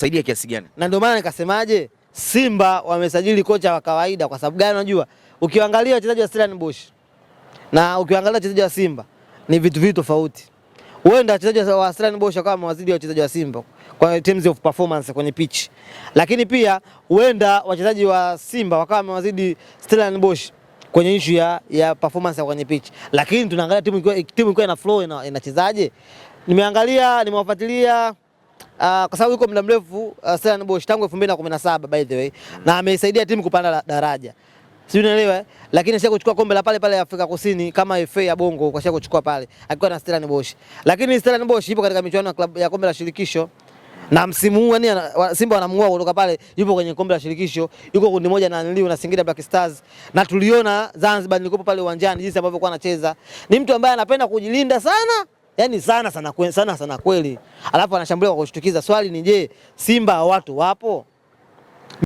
saidia kiasi gani? Na ndio maana nikasemaje, Simba wamesajili kocha wa kawaida. Kwa sababu gani? Unajua, ukiangalia wachezaji wa Stellenbosch na ukiangalia wachezaji wa Simba ni vitu vitu tofauti. Wewe ndio wachezaji wa Stellenbosch wakawa wamewazidi wachezaji wa Simba kwa terms of performance kwenye pitch, lakini pia huenda wachezaji wa Simba wakawa wamewazidi Stellenbosch kwenye issue ya, ya performance ya kwenye pitch, lakini tunaangalia timu ikiwa timu ikiwa ina flow inachezaje. Nimeangalia nimewafuatilia Uh, kwa sababu yuko muda mrefu uh, ah, Stellan Bosch tangu 2017 by the way mm. na ameisaidia timu kupanda daraja. Si unaelewa? Eh? Lakini sasa kuchukua kombe la pale pale Afrika Kusini kama FA ya Bongo kwa sasa kuchukua pale akiwa na Stellan Bosch. Lakini Stellan Bosch ipo katika michuano ya klabu ya kombe la shirikisho na msimu huu yani Simba wanamngua kutoka pale, yupo kwenye kombe la shirikisho, yuko kundi moja na Niliu na Singida Black Stars, na tuliona Zanzibar nilikopo pale uwanjani jinsi ambavyo alikuwa anacheza. Ni mtu ambaye anapenda kujilinda sana yani sana sana sana sana kweli, alafu anashambulia kwa kushtukiza. Swali ni je, Simba watu wapo?